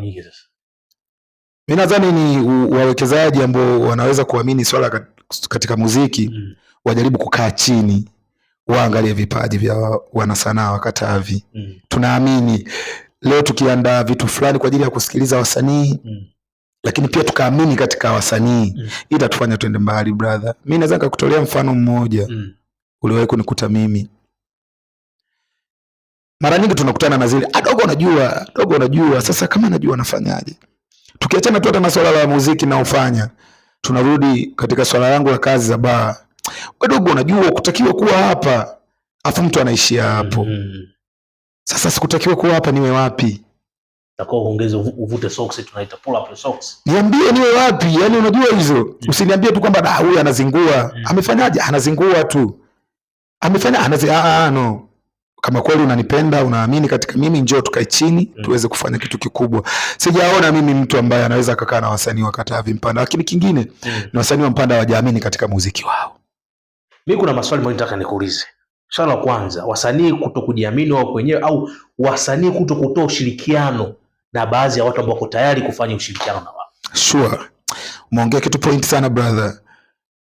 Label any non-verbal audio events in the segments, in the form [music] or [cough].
nyingi sasa. Mimi nadhani ni wawekezaji ambao wanaweza kuamini swala katika muziki mm. wajaribu kukaa chini waangalie vipaji vya wanasanaa Wakatavi mm. tunaamini leo tukiandaa vitu fulani kwa ajili ya kusikiliza wasanii mm. lakini pia tukaamini katika wasanii mm. itatufanya tuende mbali brother. Mimi naweza nikakutolea mfano mmoja mm. uliwahi kunikuta mimi mara nyingi tunakutana na zile adogo, ah, unajua adogo, unajua. Sasa kama najua nafanyaje? Tukiachana tu hata na swala la muziki na ufanya, tunarudi katika swala langu la kazi za baa. Wadogo, unajua kutakiwa kuwa hapa, afu mtu anaishia hapo. Mm-hmm. Sasa sikutakiwa kuwa hapa, niwe wapi? uvute socks tunaita pull up socks. Niambie niwe wapi? Yani unajua hizo. Mm. Usiniambie tu kwamba ah, huyu anazingua. Mm. Amefanyaje? Anazingua tu. Amefanya anazi ah, ah no kama kweli unanipenda, unaamini katika mimi, njoo tukae chini mm. tuweze kufanya kitu kikubwa. Sijaona mimi mtu ambaye anaweza akakaa na wasanii wa Katavi Mpanda, lakini kingine mm. ni wasanii wa Mpanda hawajaamini katika muziki wao. Mimi kuna maswali mawili nataka nikuulize. Swali la kwanza, wasanii kuto kujiamini wao wenyewe au wasanii kuto kutoa ushirikiano na baadhi ya watu ambao wako tayari kufanya ushirikiano na wao? Sure. Umeongea kitu point sana brother.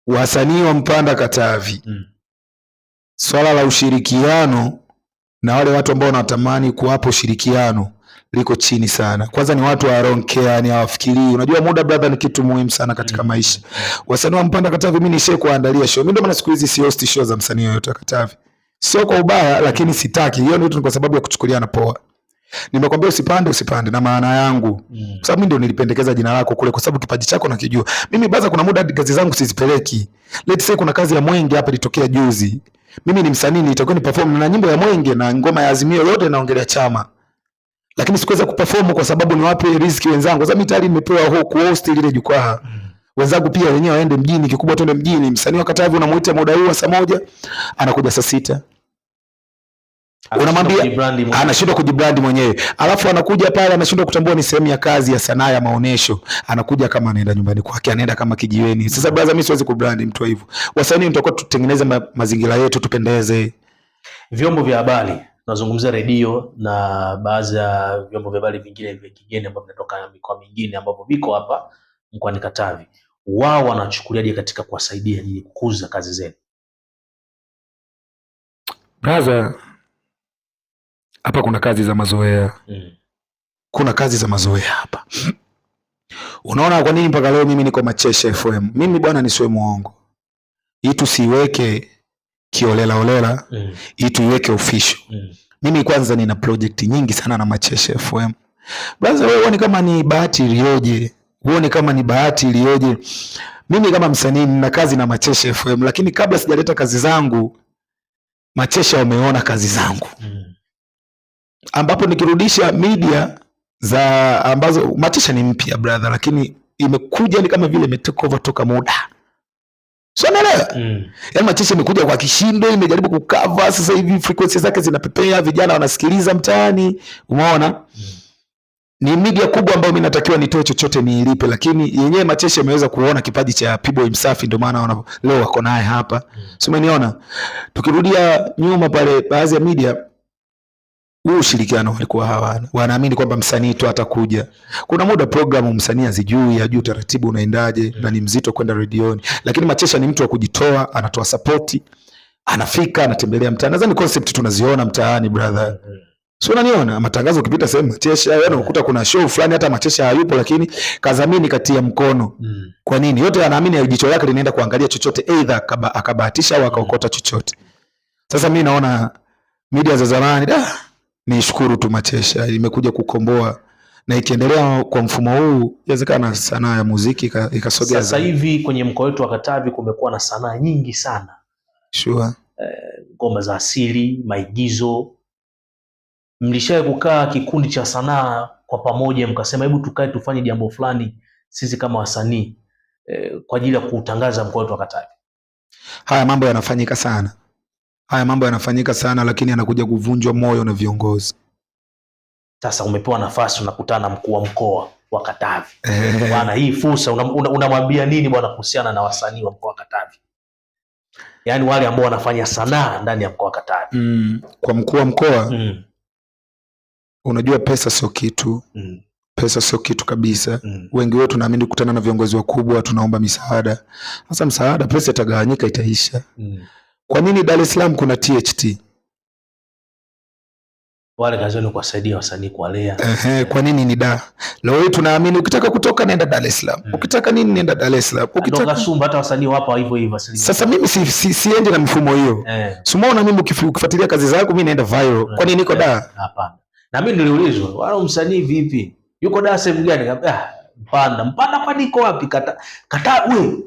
Wasanii wa Mpanda Katavi. Mm. Swala la ushirikiano mm na wale watu ambao wanatamani kuwapo ushirikiano liko chini sana. Kwanza ni watu wa don't care, yani hawafikirii. Unajua muda brother ni kitu muhimu sana katika mm. maisha. Wasanii wa Mpanda Katavi, mimi nishe kuandalia show. Mimi ndio maana siku hizi si host show za msanii yoyote wa Katavi. Sio kwa ubaya, lakini sitaki. Hiyo ni kwa sababu ya kuchukuliana poa. Nimekwambia usipande usipande na maana yangu. mm. Kwa sababu mimi ndio nilipendekeza jina lako kule kwa sababu kipaji chako nakijua. Mimi baza kuna muda kazi zangu sizipeleki. Let's say kuna kazi ya Mwenge hapa ilitokea juzi mimi ni msanii nitakuwa ni perform na nyimbo ya Mwenge na ngoma ya Azimio yote naongelea chama, lakini sikuweza kuperform kwa sababu ni wapi riziki wenzangu. sababu mimi tayari nimepewa ho kuhost ile jukwaa mm. wenzangu pia wenyewe waende mjini, kikubwa twende mjini. Msanii wa Katavi unamuita muda huu wa saa moja anakuja saa sita unamwambia anashindwa kujibrandi mwenyewe, alafu anakuja pale anashindwa kutambua ni sehemu ya kazi ya sanaa ya maonesho, anakuja kama anaenda nyumbani kwake, anaenda kama kijiweni. Sasa brother, mimi siwezi kubrandi mtu hivyo. Wasanii tutakuwa tutengeneze ma mazingira yetu, tupendeze. Vyombo vya habari, tunazungumzia redio na baadhi ya vyombo vya habari vingine vya kigeni ambavyo vinatoka mikoa mingine ambavyo viko hapa mkoani Katavi, wao wanachukuliaje katika kuwasaidia nyinyi kukuza kazi zenu brother? hapa kuna kazi za mazoea mm. kuna kazi za mazoea hapa unaona kwa nini mpaka leo mimi niko Machesha FM. Mimi bwana, nisiwe mwongo hii tusiweke kiolela olela mm. hii tuiweke official mm. Mimi kwanza nina project nyingi sana na Machesha FM bwana. Wewe uone kama ni bahati iliyoje, uone kama ni bahati iliyoje. Mimi kama msanii nina kazi na Machesha FM, lakini kabla sijaleta kazi zangu Machesha wameona kazi zangu mm ambapo nikirudisha media za ambazo Matisha ni mpya brother, lakini imekuja ni kama vile imetake over toka muda sio, unaelewa mm. Yani Matisha imekuja kwa kishindo, imejaribu kukava, sasa hivi frequency zake zinapepea, vijana wanasikiliza mtaani, umeona mm. Ni media kubwa ambayo mimi natakiwa nitoe chochote niilipe, lakini yenyewe Matisha imeweza kuona kipaji cha P-Boy Msafi, ndio maana leo wako naye hapa mm. Sio, umeniona tukirudia nyuma pale, baadhi ya media huu ushirikiano walikuwa hawana, wanaamini kwamba msanii tu atakuja. Kuna muda programu msanii azijui, ajui utaratibu unaendaje na ni mzito kwenda redioni, lakini Machesha ni mtu wa kujitoa, anatoa sapoti, anafika, anatembelea mtaa. Nadhani concept tunaziona mtaani brother, si unaniona matangazo ukipita sehemu Machesha yana ukuta, kuna show fulani, hata Machesha hayupo, lakini kadhamini kati ya mkono. Mm. Kwa nini? Yote anaamini jicho lake linaenda kuangalia chochote, aidha akabahatisha au akaokota chochote. Sasa mimi naona media za zamani da Nishukuru tu Machesha imekuja kukomboa na ikiendelea kwa mfumo huu inawezekana sanaa ya muziki ikasogea. Sasa hivi kwenye mkoa wetu wa Katavi kumekuwa na sanaa nyingi sana sure. E, ngoma za asili, maigizo. Mlishawahi kukaa kikundi cha sanaa kwa pamoja mkasema hebu tukae tufanye jambo fulani sisi kama wasanii e, kwa ajili ya kuutangaza mkoa wetu wa Katavi? Haya mambo yanafanyika sana haya mambo yanafanyika sana, lakini yanakuja kuvunjwa moyo na viongozi. Sasa umepewa nafasi, unakutana na mkuu wa mkoa wa Katavi bwana, hii fursa unamwambia una una nini bwana kuhusiana na wasanii wa mkoa wa Katavi, yaani wale ambao wanafanya sanaa ndani ya mkoa wa Katavi? Mm, kwa mkuu wa mkoa mm. Unajua, pesa sio kitu mm. Pesa sio kitu kabisa mm. Wengi wetu naamini kukutana na viongozi wakubwa tunaomba misaada. Sasa msaada, pesa itagawanyika, itaisha mm. Kwa nini Dar es Salaam kuna THT? Wale kazi ni kuwasaidia wasanii kuwalea. Ehe, kwa nini ni da? Leo hii tunaamini ukitaka kutoka nenda Dar es Salaam. Mm. Ukitaka nini nenda Dar es Salaam. Ukitaka Ndoka Sumba hata wasanii wapo hivyo hivyo asili. Sasa mimi si, si, siende na mifumo hiyo. Eh. Sumaona mimi ukifuatilia kazi zangu mimi naenda viral. Eh. Kwa nini niko da? Eh, hapana. Na mimi niliulizwa, wala msanii vipi? Yuko da sehemu gani? Ah, Mpanda. Mpanda kwa niko wapi? Kata kata wewe.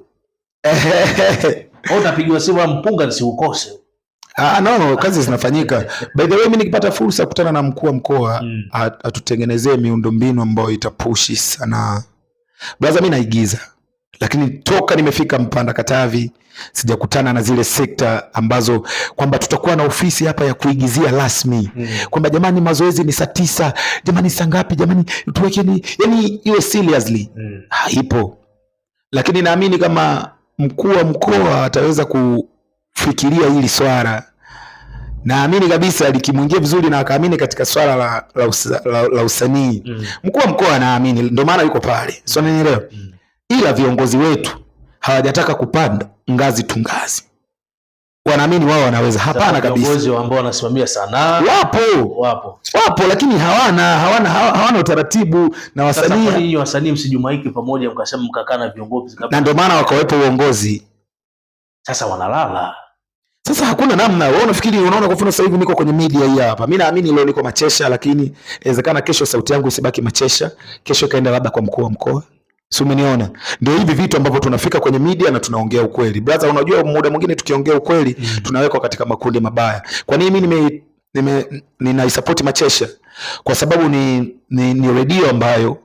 Au utapigiwa simu mpunga nisiukose. Ah, ah no, kazi zinafanyika. By the way, mimi nikipata fursa kukutana na mkuu wa mkoa mm. atutengenezee miundombinu ambayo itapushi sana. Brother, mimi naigiza lakini toka nimefika Mpanda Katavi sijakutana na zile sekta ambazo kwamba tutakuwa na ofisi hapa ya kuigizia rasmi mm. kwamba jamani, mazoezi ni saa tisa, jamani saa ngapi, jamani tuweke ni yani iwe seriously mm. haipo, lakini naamini kama mkuu wa mkoa ataweza kufikiria hili swala. Naamini kabisa likimwingia vizuri na akaamini katika swala la, la, la, la usanii mm. Mkuu wa mkoa anaamini, ndio maana yuko pale, sio mm. Ila viongozi wetu hawajataka kupanda ngazi tu ngazi wanaamini wao wanaweza. Hapana kabisa. Viongozi ambao wanasimamia sanaa wapo, wapo, wapo, lakini hawana hawana hawana utaratibu na wasanii. Kwa hiyo wasanii msijumuike pamoja mkasema mkakaa na viongozi kabisa, na ndio maana wakawepo uongozi, sasa wanalala sasa hakuna namna. Wewe unafikiri unaona, kwa mfano sasa hivi niko kwenye media hii hapa, mimi naamini leo niko Machesha, lakini inawezekana kesho sauti yangu isibaki Machesha, kesho kaenda labda kwa mkuu wa mkoa Si umeniona? Ndio hivi vitu ambavyo tunafika kwenye media na tunaongea ukweli. Brother, unajua muda mwingine tukiongea ukweli mm. tunawekwa katika makundi mabaya. Kwa nini mimi nime nime Machesha? Kwa sababu ni ni, ni redio ambayo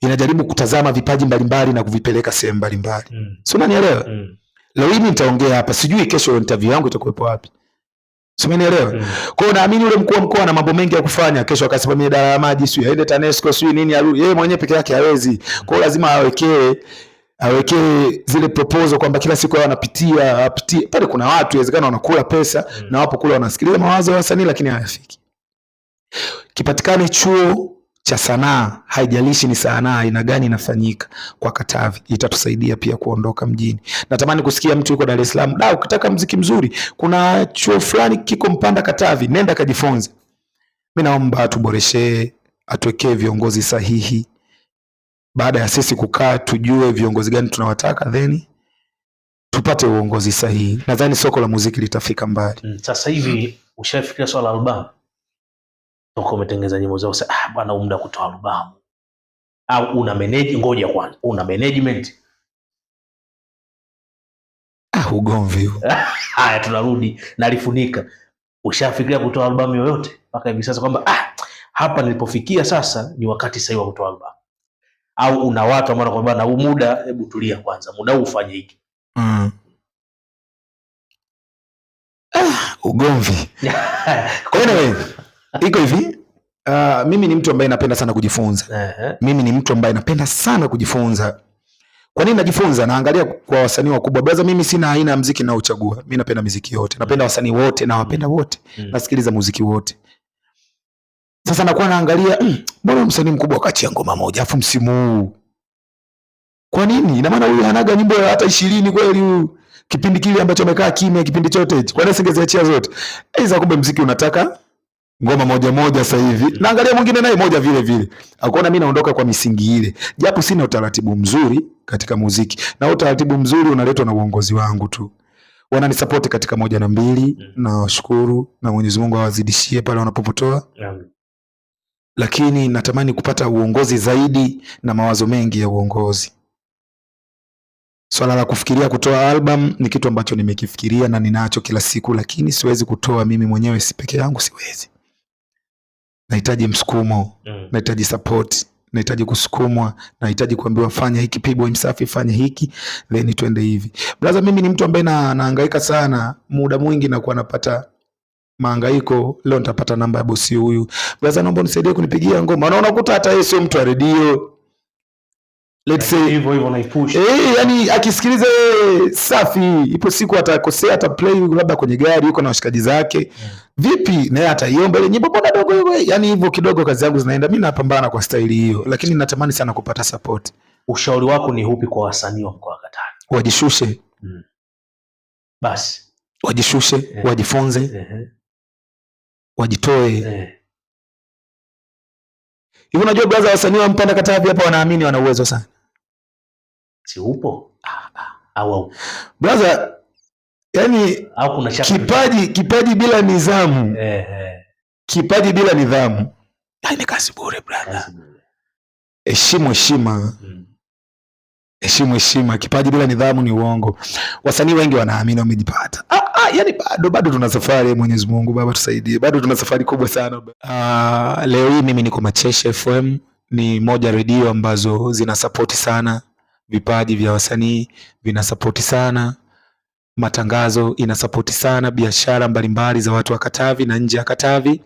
inajaribu kutazama vipaji mbalimbali na kuvipeleka sehemu mbalimbali. Mm. Si unanielewa? Mm. Leo hii nitaongea hapa, sijui kesho interview yangu itakuwepo wapi. Simenielewa? Mm. Kwa hiyo naamini yule mkuu wa mkoa ana mambo mengi ya kufanya. Kesho akasimamia idara ya maji, sio aende TANESCO, sio nini arudi. Yeye mwenyewe peke yake hawezi. Kwa hiyo lazima awekee awekee zile proposal kwamba kila siku hao wanapitia, apitie. Pale kuna watu inawezekana wanakula pesa mm. na wapo kule wanasikiliza mawazo ya wasanii lakini hayafiki. Kipatikane chuo cha sanaa, haijalishi ni sanaa aina gani inafanyika kwa Katavi, itatusaidia pia kuondoka mjini. Natamani kusikia mtu yuko Dar es Salaam, da, ukitaka mziki mzuri, kuna chuo fulani kiko Mpanda Katavi, nenda kajifunze. Mi naomba tuboreshe, atuwekee viongozi sahihi. Baada ya sisi kukaa, tujue viongozi gani tunawataka, then tupate uongozi sahihi. Nadhani soko la muziki litafika mbali. Hmm, sasa hivi ushafikiria swala albamu? toka umetengeneza nyimbo zao sasa, ah bwana, muda kutoa albamu au una manage, ngoja kwanza, una management ah, ugomvi [laughs] haya, tunarudi nalifunika. Ushafikiria kutoa albamu yoyote mpaka hivi sasa, kwamba ah, hapa nilipofikia sasa ni wakati sahihi wa kutoa albamu? Au una watu ambao wanakwambia na huu muda, hebu tulia kwanza, muda huu ufanye hiki mm. ah, ugomvi [laughs] iko hivi uh, mimi ni mtu ambaye napenda sana kujifunza uh -huh. Mimi ni mtu ambaye napenda sana kujifunza. Kwa nini najifunza? Naangalia kwa wasanii wakubwa. baza mimi sina aina ya muziki naochagua. Mimi napenda muziki yote, napenda wasanii wote, nawapenda wote, mm. nasikiliza muziki wote. Sasa nakuwa naangalia mm, msanii mkubwa akachia ngoma moja afu msimu huu. Kwa nini? Ina maana huyu anaga nyimbo hata 20 kweli huyu. Kipindi kile ambacho amekaa kimya kipindi chote hicho. Kwa nini singeziachia zote? Aidha kumbe muziki unataka ngoma moja moja sasa hivi, naangalia mwingine naye moja vile vile. Akaona mimi naondoka kwa misingi ile, japo sina utaratibu mzuri katika muziki, na utaratibu mzuri unaletwa na uongozi wangu tu wananisapoti katika moja na mbili mm. na washukuru na Mwenyezi Mungu awazidishie pale wanapopotoa yeah. Lakini natamani kupata uongozi zaidi na mawazo mengi ya uongozi. Swala la kufikiria kutoa album ni kitu ambacho nimekifikiria na ninacho kila siku, lakini siwezi kutoa mimi mwenyewe, si peke yangu, siwezi nahitaji msukumo mm. nahitaji support nahitaji kusukumwa, nahitaji kuambiwa fanya hiki, pigwa msafi, fanya hiki, then twende hivi. Brother, mimi ni mtu ambaye na, sana, muda mwingi nakuwa napata maangaiko Leo nitapata namba ya bosi huyu, brother, naomba unisaidie kunipigia ngoma. Unaona, unakuta hata yeye sio mtu wa redio let's say hivyo hivyo naipush eh, yani akisikiliza eh, safi, ipo siku atakosea, ata play labda kwenye gari, yuko na washikaji zake yeah. Vipi naye ataiomba ile nyimbo, mbona dogo wewe, eh. yani hivyo kidogo. Kazi yangu zinaenda, mimi napambana kwa staili hiyo, lakini natamani sana kupata support. Ushauri wako ni upi kwa wasanii wa mkoa wa Katavi? Wajishushe mm. Basi wajishushe yeah. Wajifunze yeah. Wajitoe yeah. Hivi unajua brother, wasanii wa Mpanda Katavi hapa wanaamini wana uwezo sana. Si upo? Ah, ah, au brother, yani au kuna shaka kipaji, kipaji bila nidhamu eh, eh. Kipaji bila nidhamu yaani ni kazi bure brother. Heshimu heshima, heshimu mm. heshima. Kipaji bila nidhamu ni uongo. Wasanii wengi wanaamini wamejipata yani bado bado tuna safari. Mwenyezi Mungu Baba tusaidie, bado tuna safari kubwa sana. Uh, leo hii mimi niko Machesha FM, ni moja redio ambazo support sana vipaji vya wasanii, vinasapoti sana matangazo, support sana biashara mbalimbali za watu wa Katavi na nje ya Katavi.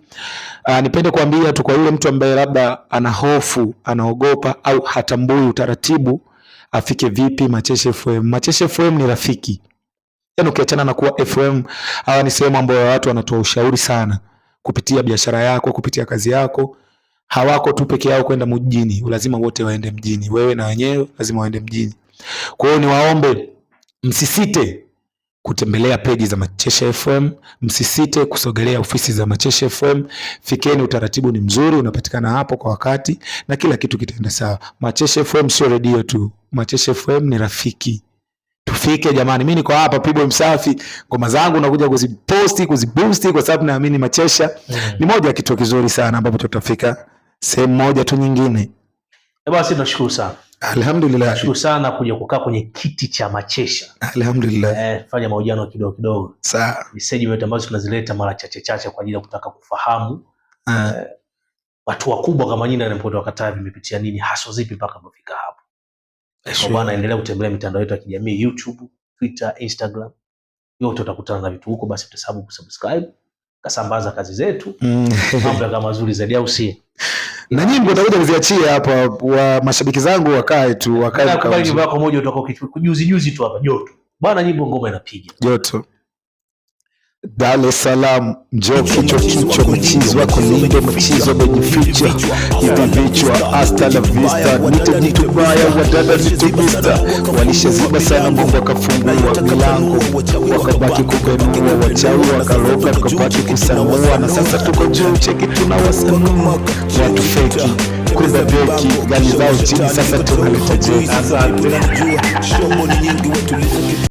Uh, nipende kuambia tu kwa yule mtu ambaye labda ana hofu, anaogopa au hatambui utaratibu, afike vipi Machesha FM. Machesha FM ni rafiki Yaani ukiachana na kuwa FM, hawa ni sehemu ambayo watu wanatoa ushauri sana kupitia biashara yako, kupitia kazi yako. Hawako tu peke yao kwenda mjini, lazima wote waende mjini. Wewe na wenyewe lazima waende mjini. Kwa hiyo niwaombe msisite kutembelea peji za Macheshe FM, msisite kusogelea ofisi za Macheshe FM. Fikeni, utaratibu ni mzuri, unapatikana hapo kwa wakati na kila kitu kitaenda sawa. Macheshe FM sio redio tu, Macheshe FM ni rafiki tufike jamani, mimi niko hapa Pibo Msafi, ngoma zangu nakuja kuziposti kuziboosti, kwa sababu naamini Machesha yeah. Mm. ni moja ya kitu kizuri sana ambapo tutafika sehemu moja tu nyingine. E, Basi tunashukuru sana alhamdulillah, tunashukuru sana kuja kukaa kwenye kiti cha Machesha alhamdulillah. Eh, fanya mahojiano kidogo kidogo, sawa, Message segment ambazo tunazileta mara chache chache kwa ajili ya kutaka kufahamu ah. eh, watu wakubwa kama nyinyi na Mpoto wa Katavi imepitia nini, haswa, zipi mpaka mfika hapo Bwana, endelea kutembelea mitandao yetu ya kijamii YouTube, Twitter, Instagram, yote utakutana na vitu huko. Basi utasabu kusubscribe, kasambaza kazi zetu, mm. mambo yakawa mazuri zaidi, au si? na nyimbo utakuja kuziachia hapa, wa mashabiki zangu wakae tu, wakae kwa moja, utakuwa kujuzi juzi tu hapa joto bwana, nyimbo ngoma inapiga joto. Dar es Salaam, njoo kichwa kichwa, mchizwa kulinde mchizwa, mejificha hivi vichwa, hasta la vista, nite mtu mbaya, wadada nitemista, walishaziba sana, Mungu akafungua milango, wakabaki kuganua, wachawi wakaloka tukabaki kusanua, na sasa tuko juu, cheki tunawasanua watu feki kuza beki gani zao chini, sasa tunaleta jeki.